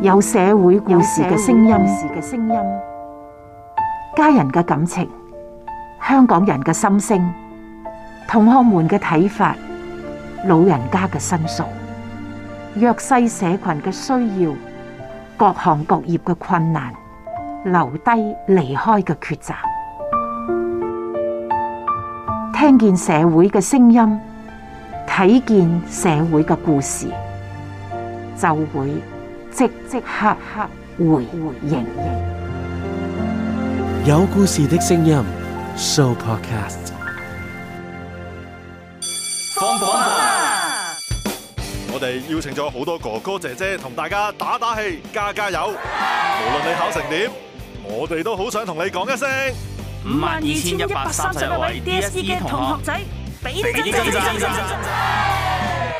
有社會故事嘅聲音，事嘅聲音，家人嘅感情，香港人嘅心聲，同學們嘅睇法，老人家嘅申訴，弱勢社群嘅需要，各行各業嘅困難，留低離開嘅抉擇，聽見社會嘅聲音，睇見社會嘅故事，就會。即即刻刻，回回應應，有故事的聲音 Show Podcast。放榜啦！我哋邀請咗好多哥哥姐姐同大家打打氣、加加油。 無論你考成點，我哋都好想同你講一聲。五萬二千一百三十六位 DSE 嘅同學仔，俾掌聲！正正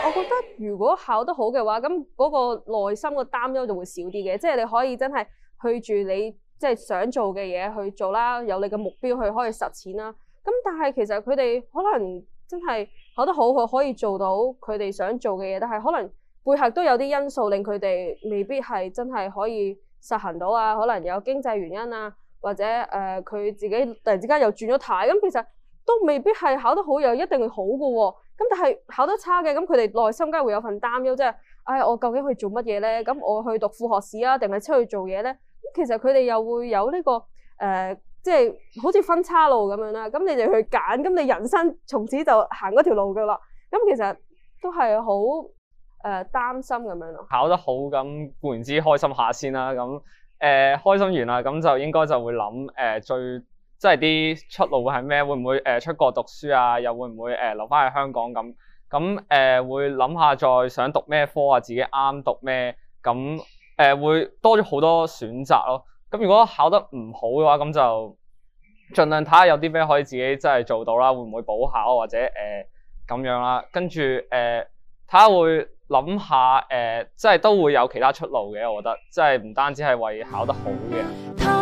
我覺得如果考得好嘅話，咁嗰個內心嘅擔憂就會少啲嘅，即係你可以真係去住你即係想做嘅嘢去做啦，有你嘅目標去可以實踐啦。咁但係其實佢哋可能真係考得好，佢可以做到佢哋想做嘅嘢，但係可能背後都有啲因素令佢哋未必係真係可以實行到啊。可能有經濟原因啊，或者誒佢、呃、自己突然之間又轉咗軚，咁其實。都未必係考得好又一定係好嘅喎，咁但係考得差嘅，咁佢哋內心梗係會有份擔憂，即係，唉，我究竟去做乜嘢咧？咁我去讀副學士啊，定係出去做嘢咧？咁其實佢哋又會有呢個，誒，即係好似分叉路咁樣啦。咁你哋去揀，咁你人生從此就行嗰條路嘅啦。咁其實都係好誒擔心咁樣咯。考得好咁固然之開心下先啦，咁誒開心完啦，咁就應該就會諗誒最。即係啲出路會係咩？會唔會誒出國讀書啊？又會唔會誒留翻去香港咁？咁誒、呃、會諗下再想讀咩科啊？自己啱讀咩？咁誒、呃、會多咗好多選擇咯。咁如果考得唔好嘅話，咁就盡量睇下有啲咩可以自己真係做到啦。會唔會補考或者誒咁、呃、樣啦？跟住誒睇下會諗下誒，即係都會有其他出路嘅。我覺得即係唔單止係為考得好嘅。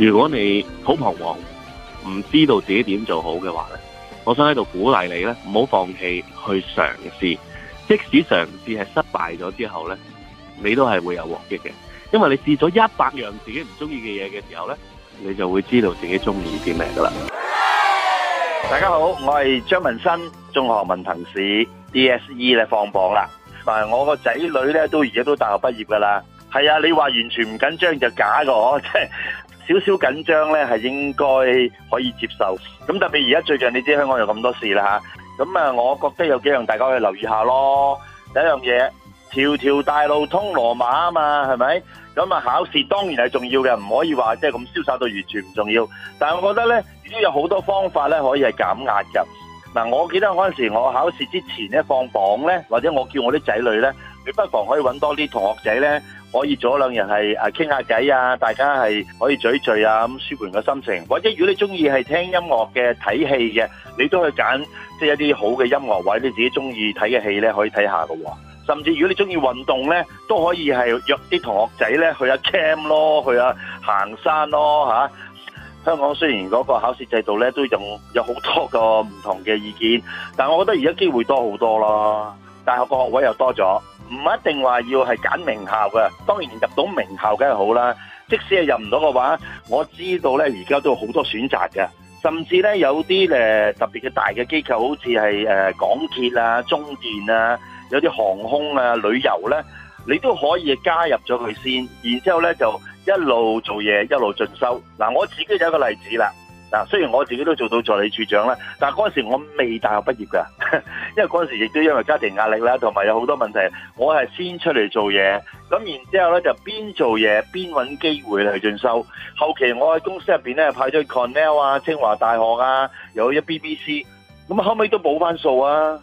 如果你好彷徨，唔知道自己點做好嘅話呢，我想喺度鼓勵你呢，唔好放棄去嘗試。即使嘗試係失敗咗之後呢，你都係會有獲益嘅。因為你試咗一百樣自己唔中意嘅嘢嘅時候呢，你就會知道自己中意啲咩噶啦。大家好，我係張文新，中學文憑試 DSE 咧放榜啦。我個仔女呢都而家都大學畢業噶啦。係啊，你話完全唔緊張就假個，即係、啊 少少緊張呢係應該可以接受。咁特別而家最近你知香港有咁多事啦吓，咁啊，我覺得有幾樣大家可以留意下咯。第一樣嘢，條條大路通羅馬啊嘛，係咪？咁啊，考試當然係重要嘅，唔可以話即係咁瀟灑到完全唔重要。但我覺得呢，亦都有好多方法呢可以係減壓嘅。嗱，我記得嗰陣時我考試之前呢，放榜呢，或者我叫我啲仔女呢，你不妨可以揾多啲同學仔呢。可以做兩兩日係傾下偈啊，大家係可以聚一聚啊，咁舒緩個心情。或者如果你中意係聽音樂嘅，睇戲嘅，你都可以揀即係一啲好嘅音樂位，或者自己中意睇嘅戲咧，可以睇下噶。甚至如果你中意運動咧，都可以係約啲同學仔咧去下、啊、camp 咯，去下、啊、行山咯，啊、香港雖然嗰個考試制度咧都用有好多個唔同嘅意見，但我覺得而家機會多好多咯，大學個學位又多咗。唔一定話要係揀名校嘅，當然入到名校梗係好啦。即使係入唔到嘅話，我知道咧，而家都有好多選擇嘅。甚至咧，有啲特別嘅大嘅機構，好似係、呃、港鐵啊、中電啊，有啲航空啊、旅遊咧，你都可以加入咗佢先，然之後咧就一路做嘢一路進修。嗱、啊，我自己有一個例子啦。嗱，雖然我自己都做到助理處長啦，但嗰時我未大學畢業㗎，因為嗰時亦都因為家庭壓力啦，同埋有好多問題，我係先出嚟做嘢，咁然之後咧就邊做嘢邊揾機會去進修。後期我喺公司入邊咧派咗去 Cornell 啊、清華大學啊，有一 BBC，咁後尾都補翻數啊。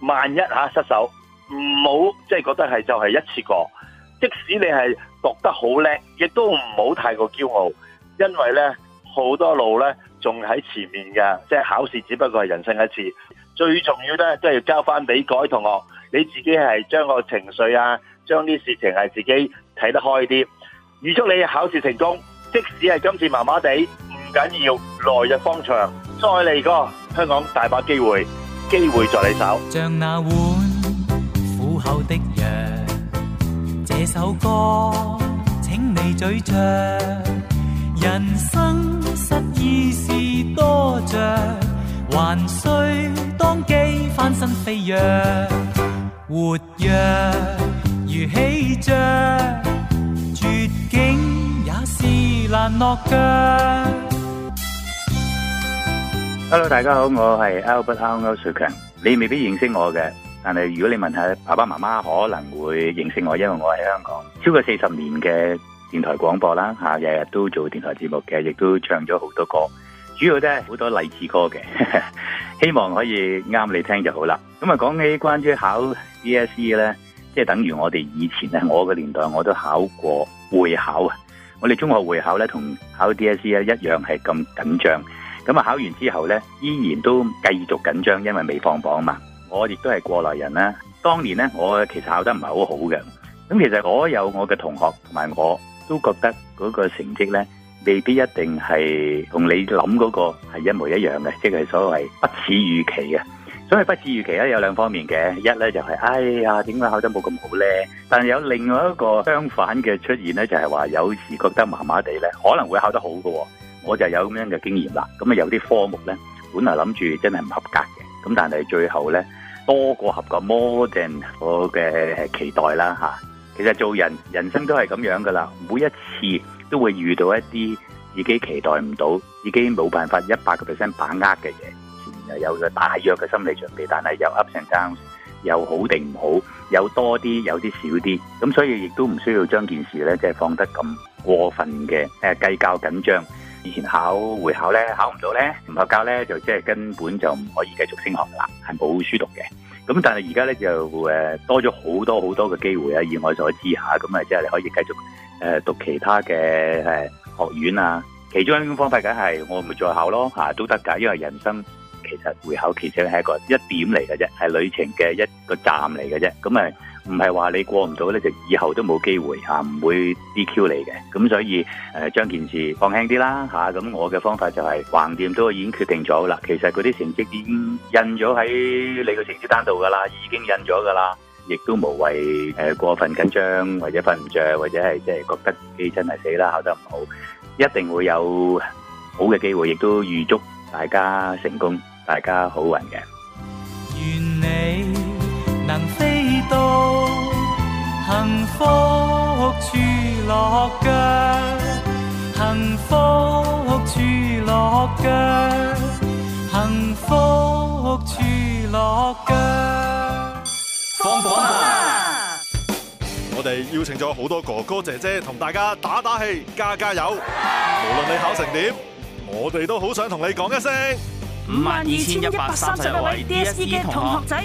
萬一嚇失手，唔好即係覺得係就係一次過，即使你係讀得好叻，亦都唔好太過驕傲，因為咧，好多路呢，仲喺前面嘅，即係考試，只不過係人生一次。最重要呢，都係要交翻俾各位同學，你自己係將個情緒啊，將啲事情係自己睇得開啲。預祝你考試成功，即使係今次麻麻地，唔緊要，來日方長，再嚟過香港，大把機會，機會在你手。像那碗苦口的藥，這首歌請你咀嚼。人生失意事多着，還需當機翻身飛躍，活躍如氣象，絕境也是難落腳。Hello，大家好，我係 Albert 歐瑞強，你未必認識我嘅，但係如果你問下爸爸媽媽，可能會認識我，因為我喺香港超過四十年嘅。電台廣播啦，吓，日日都做電台節目嘅，亦都唱咗好多歌，主要都係好多勵志歌嘅，希望可以啱你聽就好啦。咁啊，講起關於考 DSE 咧，即係等於我哋以前咧，我個年代我都考過會考啊。我哋中學會考呢，同考 DSE 呢一樣係咁緊張。咁啊，考完之後呢，依然都繼續緊張，因為未放榜嘛。我亦都係過來人啦，當年呢，我其實考得唔係好好嘅。咁其實我有我嘅同學同埋我。都覺得嗰個成績呢，未必一定係同你諗嗰個係一模一樣嘅，即係所謂不似預期嘅。所以不似預期咧，有兩方面嘅，一呢就係、是，哎呀，點解考得冇咁好呢？但係有另外一個相反嘅出現呢，就係、是、話有時覺得麻麻地呢，可能會考得好噶。我就有咁樣嘅經驗啦。咁啊，有啲科目呢，本來諗住真係唔合格嘅，咁但係最後呢，多過合格，more than 我嘅期待啦吓。其實做人，人生都係咁樣噶啦，每一次都會遇到一啲自己期待唔到、自己冇辦法一百個 percent 把握嘅嘢，前有咗大約嘅心理準備，但係又 up and down，又好定唔好，有多啲有啲少啲，咁所以亦都唔需要將件事呢，即係放得咁過分嘅，誒計較緊張。以前考會考呢，考唔到呢，唔合格呢，就即係根本就唔可以繼續升學啦，係冇書讀嘅。咁但係而家咧，就誒多咗好多好多嘅機會啊，以我所知吓，咁啊，即係你可以繼續誒讀其他嘅誒學院啊，其中一種方法梗係我咪再考咯吓，都得噶，因為人生其實會考其實係一個一點嚟嘅啫，係旅程嘅一個站嚟嘅啫，咁啊。唔係話你過唔到呢，就以後都冇機會吓，唔、啊、會 DQ 你嘅。咁所以誒，將、呃、件事放輕啲啦吓。咁、啊、我嘅方法就係橫掂都已經決定咗啦。其實嗰啲成績已經印咗喺你嘅成績單度噶啦，已經印咗噶啦，亦都無謂誒、呃、過分緊張，或者瞓唔着，或者係即係覺得自己真係死啦，考得唔好，一定會有好嘅機會，亦都預祝大家成功，大家好運嘅。放榜啦！我哋邀請咗好多哥哥姐姐同大家打打氣，加加油！無論你考成點，我哋都好想同你講一聲：五萬二千一百三十位 DSE 嘅同學仔。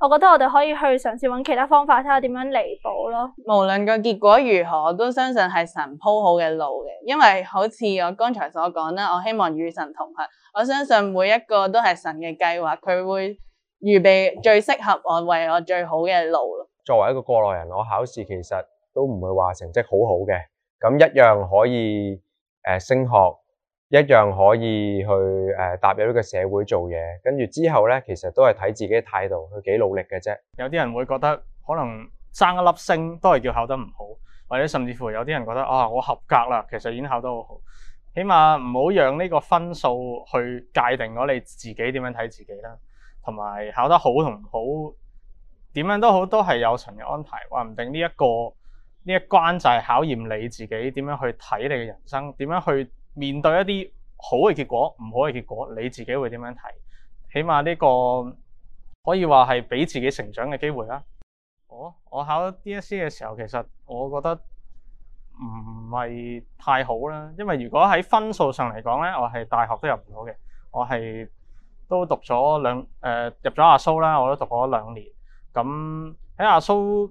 我覺得我哋可以去嘗試揾其他方法，睇下點樣彌補咯。無論個結果如何，我都相信係神鋪好嘅路嘅，因為好似我剛才所講啦，我希望與神同行。我相信每一個都係神嘅計劃，佢會預備最適合我、為我最好嘅路。作為一個過來人，我考試其實都唔會話成績好好嘅，咁一樣可以升學。一樣可以去誒、呃、踏入呢個社會做嘢，跟住之後咧，其實都係睇自己態度，佢幾努力嘅啫。有啲人會覺得可能爭一粒星都係叫考得唔好，或者甚至乎有啲人覺得啊、哦，我合格啦，其實已經考得好好，起碼唔好讓呢、這個分數去界定咗你自己點樣睇自己啦。同埋考得好同唔好，點樣都好，都係有巡嘅安排。話唔定呢一個呢一關就係考驗你自己點樣去睇你嘅人生，點樣去。面對一啲好嘅結果、唔好嘅結果，你自己會點樣睇？起碼呢個可以話係俾自己成長嘅機會啦、哦。我我考 DSE 嘅時候，其實我覺得唔係太好啦。因為如果喺分數上嚟講咧，我係大學都入唔到嘅。我係都讀咗兩、呃、入咗亞蘇啦，我都讀咗兩年。咁喺亞蘇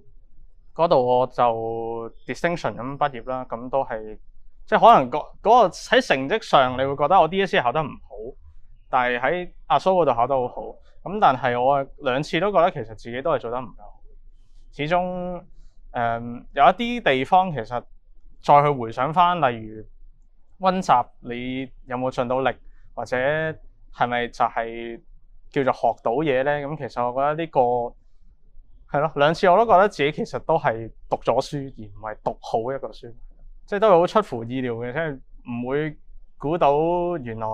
嗰度，我就 distinction 咁畢業啦。咁都係。即可能嗰、嗰個喺、嗰個、成績上，你會覺得我 DSE 考得唔好，但係喺阿蘇嗰度考得好好。咁但係我兩次都覺得其實自己都係做得唔夠好。始終誒、嗯、有一啲地方其實再去回想翻，例如温習你有冇盡到力，或者係咪就係叫做學到嘢咧？咁其實我覺得呢、呢個係咯，兩次我都覺得自己其實都係讀咗書而唔係讀好一個書。即係都係好出乎意料嘅，即係唔會估到原來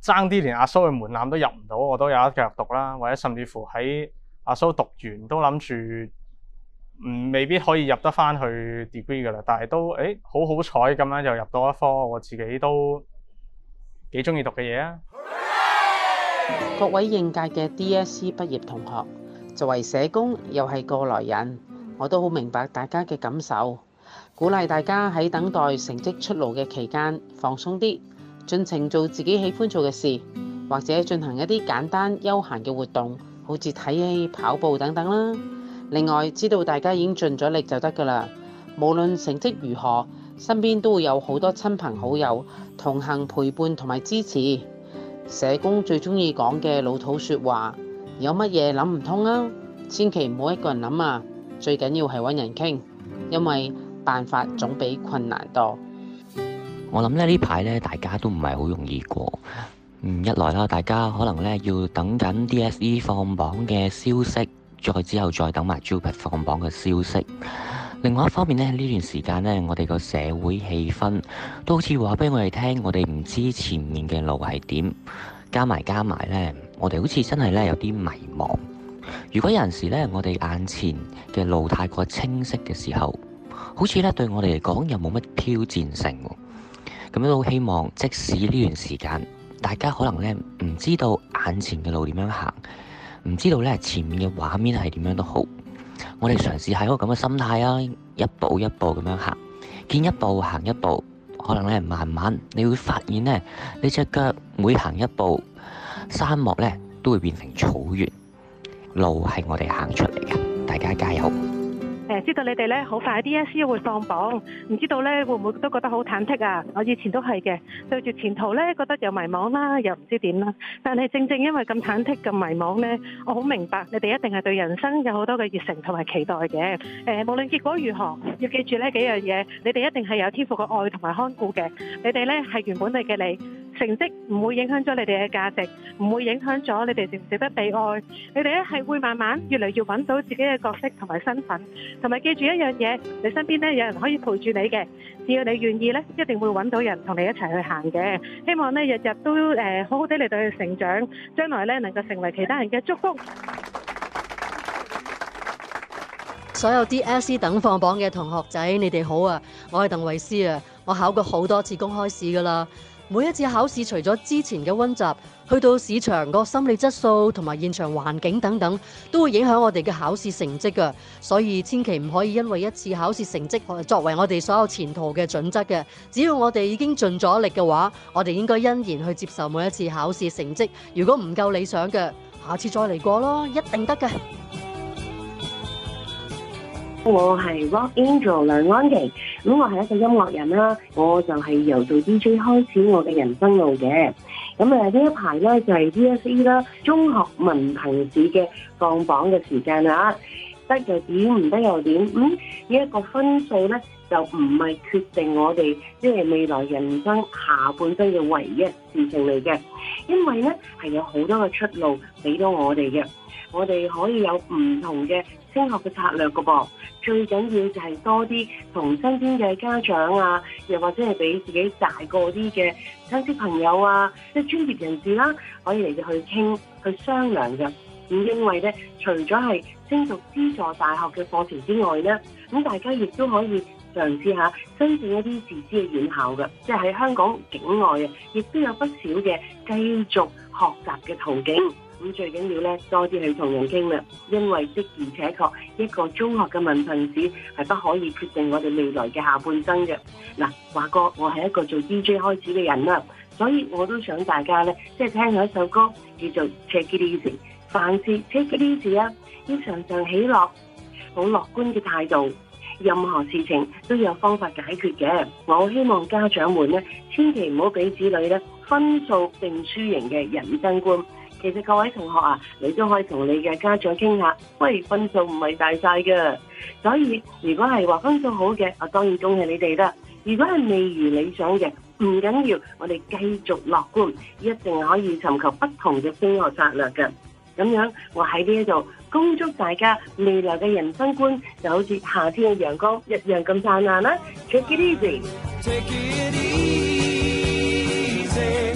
爭啲連阿蘇嘅門檻都入唔到，我都有一腳入讀啦，或者甚至乎喺阿蘇讀完都諗住唔未必可以入得翻去 degree 噶啦，但係都誒好好彩咁樣又入到一科，我自己都幾鍾意讀嘅嘢 or 各位應屆嘅 DSE 畢業同學，作為社工又係過來人，我都好明白大家嘅感受。鼓勵大家喺等待成績出爐嘅期間，放鬆啲，盡情做自己喜歡做嘅事，或者進行一啲簡單休閒嘅活動，好似睇戲、跑步等等啦。另外，知道大家已經盡咗力就得㗎啦。無論成績如何，身邊都會有好多親朋好友同行陪伴同埋支持。社工最中意講嘅老土說話：有乜嘢諗唔通啊？千祈唔好一個人諗啊！最緊要係揾人傾，因為。辦法總比困難多。我諗咧，呢排咧大家都唔係好容易過。嗯，一來啦，大家可能咧要等緊 DSE 放榜嘅消息，再之後再等埋 JUPAS 放榜嘅消息。另外一方面呢，呢段時間呢，我哋個社會氣氛都好似話俾我哋聽，我哋唔知前面嘅路係點，加埋加埋呢，我哋好似真係咧有啲迷茫。如果有陣時呢，我哋眼前嘅路太過清晰嘅時候，好似咧對我哋嚟講又冇乜挑戰性喎，咁樣都希望即使呢段時間，大家可能咧唔知道眼前嘅路點樣行，唔知道咧前面嘅畫面係點樣都好，我哋嘗試喺個咁嘅心態啊，一步一步咁樣行，見一步行一步，可能咧慢慢你會發現咧你隻腳每行一步，沙漠咧都會變成草原，路係我哋行出嚟嘅，大家加油！誒知道你哋咧好快啲先會放榜，唔知道咧會唔會都覺得好忐忑啊？我以前都係嘅，對住前途咧覺得又迷茫啦，又唔知點啦。但係正正因為咁忐忑、咁迷茫咧，我好明白你哋一定係對人生有好多嘅熱誠同埋期待嘅。誒、呃、無論結果如何，要記住呢幾樣嘢，你哋一定係有天賦嘅愛同埋看顧嘅。你哋咧係原本你嘅你。成績唔會影響咗你哋嘅價值，唔會影響咗你哋值唔值得被愛。你哋咧係會慢慢越嚟越揾到自己嘅角色同埋身份，同埋記住一樣嘢，你身邊咧有人可以陪住你嘅。只要你願意咧，一定會揾到人同你一齊去行嘅。希望咧日日都誒好好地嚟到去成長，將來咧能夠成為其他人嘅祝福。所有 DSE 等放榜嘅同學仔，你哋好啊！我係鄧維斯啊！我考過好多次公開試㗎喇。每一次考試，除咗之前嘅温習，去到市場個心理質素同埋現場環境等等，都會影響我哋嘅考試成績嘅。所以千祈唔可以因為一次考試成績作為我哋所有前途嘅準則嘅。只要我哋已經盡咗力嘅話，我哋應該欣然去接受每一次考試成績。如果唔夠理想嘅，下次再嚟過咯，一定得嘅。我係 Rock Angel 梁安琪。咁我係一個音樂人啦，啊，我就係由做 DJ 開始我嘅人生路嘅。咁誒呢一排咧就係、是、DSE 啦，中學文憑試嘅放榜嘅時間啦，得又點，唔得又點。嗯、呢、這、一個分數咧就唔係決定我哋即係未來人生下半生嘅唯一事情嚟嘅，因為咧係有好多嘅出路俾到我哋嘅，我哋可以有唔同嘅。升學嘅策略㗎噃，最緊要就係多啲同身邊嘅家長啊，又或者係俾自己大個啲嘅親戚朋友啊，即係專業人士啦，可以嚟到去傾去商量嘅。咁因為咧，除咗係升讀資助大學嘅課程之外咧，咁大家亦都可以嘗試下申請一啲自資嘅院校嘅，即係喺香港境外啊，亦都有不少嘅繼續學習嘅途徑。咁最緊要咧，多啲去同人傾量，因為的而且確，一個中學嘅文憑試係不可以決定我哋未來嘅下半生嘅。嗱、啊，華哥，我係一個做 DJ 開始嘅人啦，所以我都想大家咧，即係聽下一首歌，叫做《Take It Easy》。凡事《Take It Easy》啊，要常常喜樂，好樂觀嘅態度，任何事情都有方法解決嘅。我希望家長們咧，千祈唔好俾子女咧分數定輸贏嘅人生觀。其實各位同學啊，你都可以同你嘅家長傾下，不如分數唔係大晒嘅，所以如果係話分數好嘅，我當然恭喜你哋啦。如果係未如理想嘅，唔緊要，我哋繼續樂觀，一定可以尋求不同嘅升學策略嘅。咁樣我喺呢度恭祝大家未來嘅人生觀就好似夏天嘅陽光一樣咁燦爛啦。Take it easy，take it easy。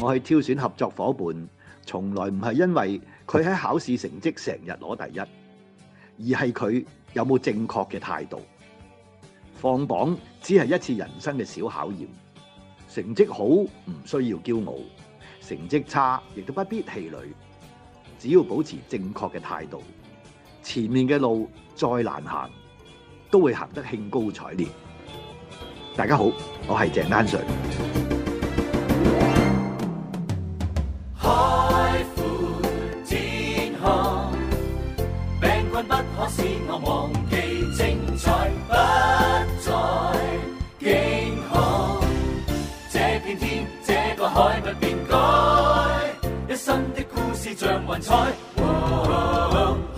我去挑選合作伙伴，從來唔係因為佢喺考試成績成日攞第一，而係佢有冇正確嘅態度。放榜只係一次人生嘅小考驗，成績好唔需要驕傲，成績差亦都不必氣餒，只要保持正確嘅態度，前面嘅路再難行，都會行得興高采烈。大家好，我係鄭丹瑞。天天，這個海不變改，一生的故事像雲彩。哦哦哦哦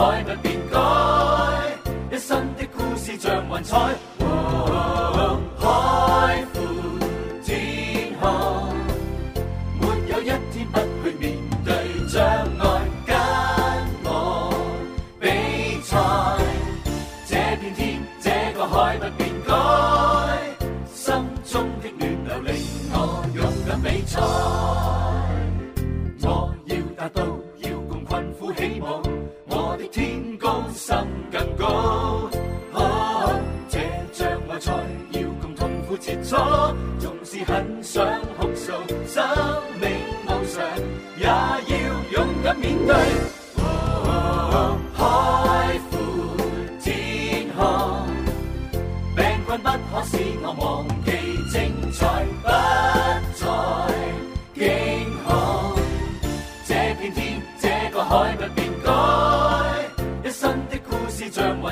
海不變改，一生的故事像雲彩、哦。哦哦哦。心更高，這障礙才要共痛苦切磋，縱使很想哭訴，生命無常，也要勇敢面對。